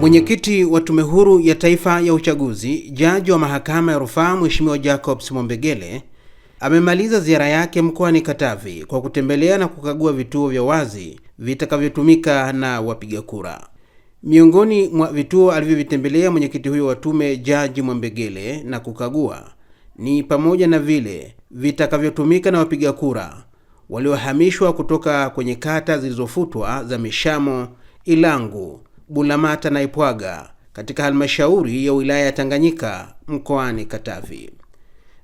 Mwenyekiti wa Tume Huru ya Taifa ya Uchaguzi, jaji wa mahakama ya rufaa Mheshimiwa Jacobs Mwambegele amemaliza ziara yake mkoani Katavi kwa kutembelea na kukagua vituo vya wazi vitakavyotumika na wapiga kura. Miongoni mwa vituo alivyovitembelea mwenyekiti huyo wa tume, Jaji Mwambegele, na kukagua ni pamoja na vile vitakavyotumika na wapiga kura waliohamishwa kutoka kwenye kata zilizofutwa za Mishamo, Ilangu, Bulamata Ipwaga katika halmashauri ya wilaya ya Tanganyika mkoani Katavi.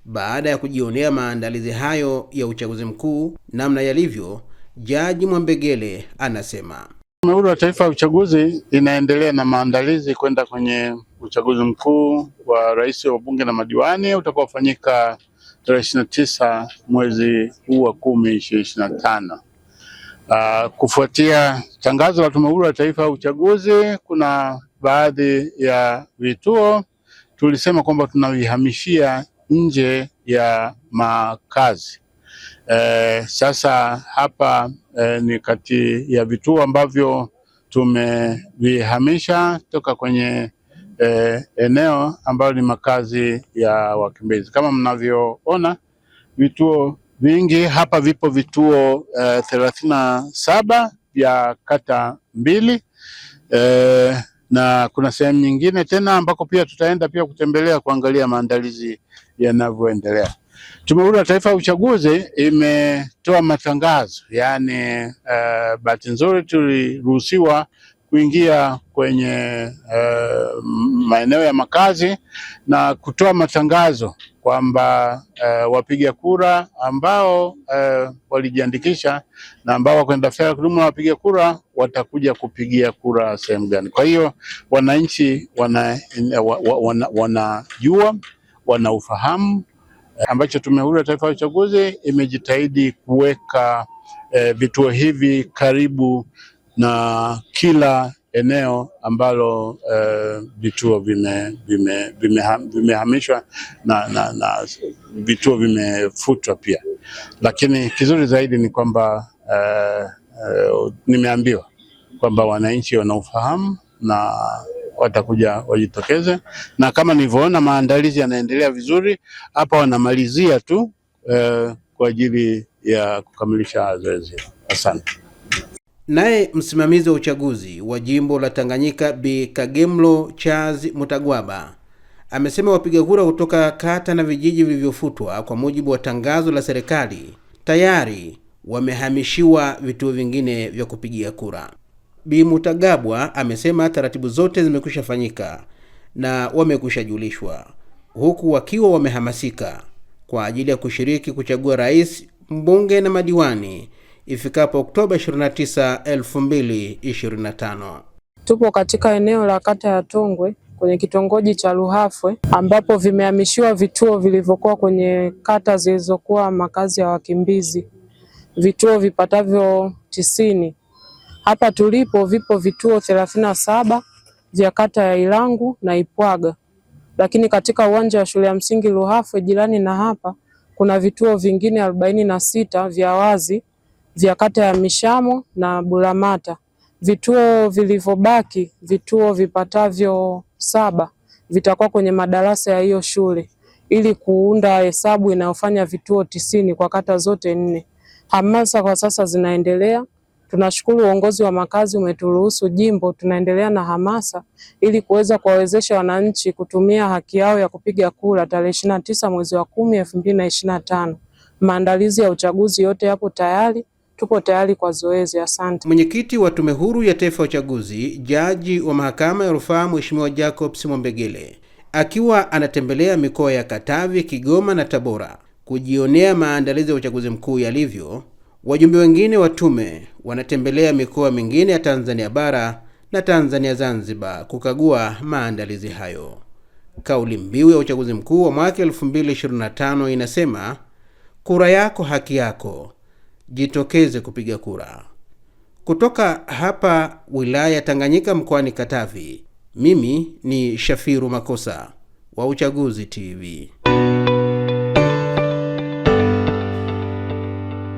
Baada ya kujionea maandalizi hayo ya uchaguzi mkuu namna yalivyo, Jaji Mwambegele anasema Tume Huru ya Taifa ya Uchaguzi inaendelea na maandalizi kwenda kwenye uchaguzi mkuu wa rais wa bunge na madiwani utakaofanyika tarehe ishirini na tisa mwezi huu wa kumi ishirini na tano. Uh, kufuatia tangazo la Tume Huru ya Taifa ya Uchaguzi, kuna baadhi ya vituo tulisema kwamba tunavihamishia nje ya makazi. Eh, sasa hapa eh, ni kati ya vituo ambavyo tumevihamisha toka kwenye eh, eneo ambalo ni makazi ya wakimbizi. Kama mnavyoona vituo vingi hapa vipo vituo eh, thelathini na saba vya kata mbili uh, na kuna sehemu nyingine tena ambako pia tutaenda pia kutembelea kuangalia maandalizi yanavyoendelea. Tume Huru ya Taifa ya Uchaguzi imetoa matangazo, yaani uh, bahati nzuri tuliruhusiwa kuingia kwenye uh, maeneo ya makazi na kutoa matangazo kwamba uh, wapiga kura ambao uh, walijiandikisha na ambao wako kwenye daftari la kudumu la wapiga kura watakuja kupigia kura sehemu gani. Kwa hiyo wananchi wanajua wana, wana, wana ufahamu eh, ambacho Tume Huru ya Taifa ya Uchaguzi imejitahidi kuweka eh, vituo hivi karibu na kila eneo ambalo uh, vituo vimehamishwa vime, vime, na, na, na vituo vimefutwa pia, lakini kizuri zaidi ni kwamba uh, uh, nimeambiwa kwamba wananchi wanaufahamu na watakuja wajitokeze, na kama nilivyoona maandalizi yanaendelea vizuri hapa, wanamalizia tu uh, kwa ajili ya kukamilisha zoezi. Asante. Naye msimamizi wa uchaguzi wa jimbo la Tanganyika Bi Kagemlo Charles Mutagwaba amesema wapiga kura kutoka kata na vijiji vilivyofutwa kwa mujibu wa tangazo la serikali tayari wamehamishiwa vituo vingine vya kupigia kura. Bi Mutagabwa amesema taratibu zote zimekwisha fanyika na wamekushajulishwa julishwa, huku wakiwa wamehamasika kwa ajili ya kushiriki kuchagua rais, mbunge na madiwani ifikapo Oktoba 29, 2025. Tupo katika eneo la kata ya Tongwe kwenye kitongoji cha Luhafwe ambapo vimehamishiwa vituo vilivyokuwa kwenye kata zilizokuwa makazi ya wakimbizi, vituo vipatavyo tisini. Hapa tulipo vipo vituo thelathini na saba vya kata ya Ilangu na Ipwaga, lakini katika uwanja wa shule ya msingi Luhafwe jirani na hapa kuna vituo vingine arobaini na sita vya wazi vya kata ya Mishamo na Bulamata. Vituo vilivyobaki, vituo vipatavyo saba vitakuwa kwenye madarasa ya hiyo shule ili kuunda hesabu inayofanya vituo tisini kwa kata zote nne. Hamasa kwa sasa zinaendelea. Tunashukuru uongozi wa makazi umeturuhusu jimbo, tunaendelea na hamasa ili kuweza kuwawezesha wananchi kutumia haki yao ya kupiga kura tarehe ishirini na tisa mwezi wa kumi elfu mbili na ishirini na tano. Maandalizi ya uchaguzi yote yapo tayari tupo tayari kwa zoezi. Asante. Mwenyekiti wa Tume Huru ya Taifa ya Uchaguzi, jaji wa mahakama ya rufaa Mheshimiwa Jacobs Mwambegele akiwa anatembelea mikoa ya Katavi, Kigoma na Tabora kujionea maandalizi ya uchaguzi mkuu yalivyo. Wajumbe wengine wa tume wanatembelea mikoa mingine ya Tanzania bara na Tanzania Zanzibar kukagua maandalizi hayo. Kauli mbiu ya uchaguzi mkuu wa mwaka 2025 inasema kura yako haki yako, jitokeze kupiga kura. Kutoka hapa wilaya ya Tanganyika mkoani Katavi, mimi ni Shafiru Makosa wa Uchaguzi TV.